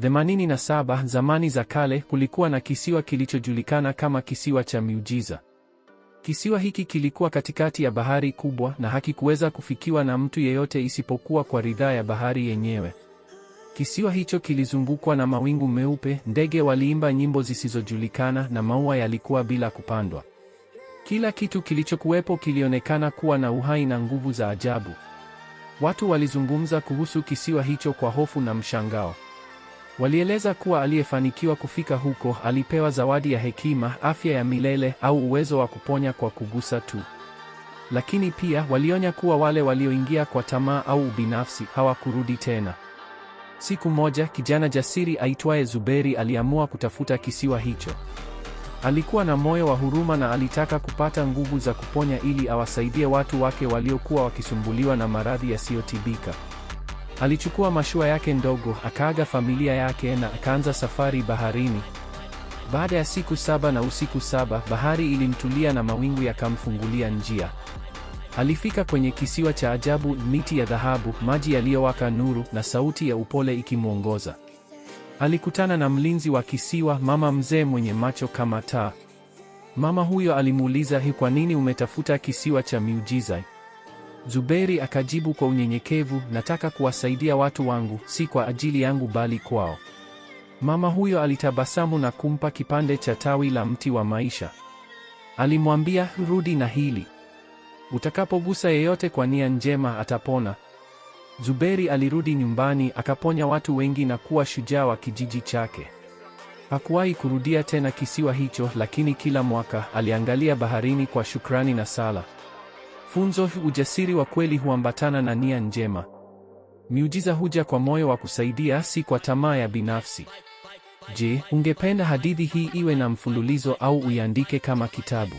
87 Zamani za kale kulikuwa na kisiwa kilichojulikana kama kisiwa cha miujiza. Kisiwa hiki kilikuwa katikati ya bahari kubwa na hakikuweza kufikiwa na mtu yeyote isipokuwa kwa ridhaa ya bahari yenyewe. Kisiwa hicho kilizungukwa na mawingu meupe, ndege waliimba nyimbo zisizojulikana na maua yalikuwa bila kupandwa. Kila kitu kilichokuwepo kilionekana kuwa na uhai na nguvu za ajabu. Watu walizungumza kuhusu kisiwa hicho kwa hofu na mshangao. Walieleza kuwa aliyefanikiwa kufika huko alipewa zawadi ya hekima, afya ya milele au uwezo wa kuponya kwa kugusa tu. Lakini pia walionya kuwa wale walioingia kwa tamaa au ubinafsi hawakurudi tena. Siku moja kijana jasiri aitwaye Zuberi aliamua kutafuta kisiwa hicho. Alikuwa na moyo wa huruma na alitaka kupata nguvu za kuponya ili awasaidie watu wake waliokuwa wakisumbuliwa na maradhi yasiyotibika. Alichukua mashua yake ndogo, akaaga familia yake na akaanza safari baharini. Baada ya siku saba na usiku saba, bahari ilimtulia na mawingu yakamfungulia njia. Alifika kwenye kisiwa cha ajabu, miti ya dhahabu, maji yaliyowaka nuru na sauti ya upole ikimwongoza. Alikutana na mlinzi wa kisiwa, mama mzee mwenye macho kama taa. Mama huyo alimuuliza, "Hi, kwa nini umetafuta kisiwa cha miujiza?" Zuberi akajibu kwa unyenyekevu, nataka kuwasaidia watu wangu, si kwa ajili yangu bali kwao. Mama huyo alitabasamu na kumpa kipande cha tawi la mti wa maisha. Alimwambia, rudi na hili. Utakapogusa yeyote kwa nia njema atapona. Zuberi alirudi nyumbani akaponya watu wengi na kuwa shujaa wa kijiji chake. Hakuwahi kurudia tena kisiwa hicho, lakini kila mwaka aliangalia baharini kwa shukrani na sala. Funzo: ujasiri wa kweli huambatana na nia njema. Miujiza huja kwa moyo wa kusaidia, si kwa tamaa ya binafsi. Je, ungependa hadithi hii iwe na mfululizo au uiandike kama kitabu?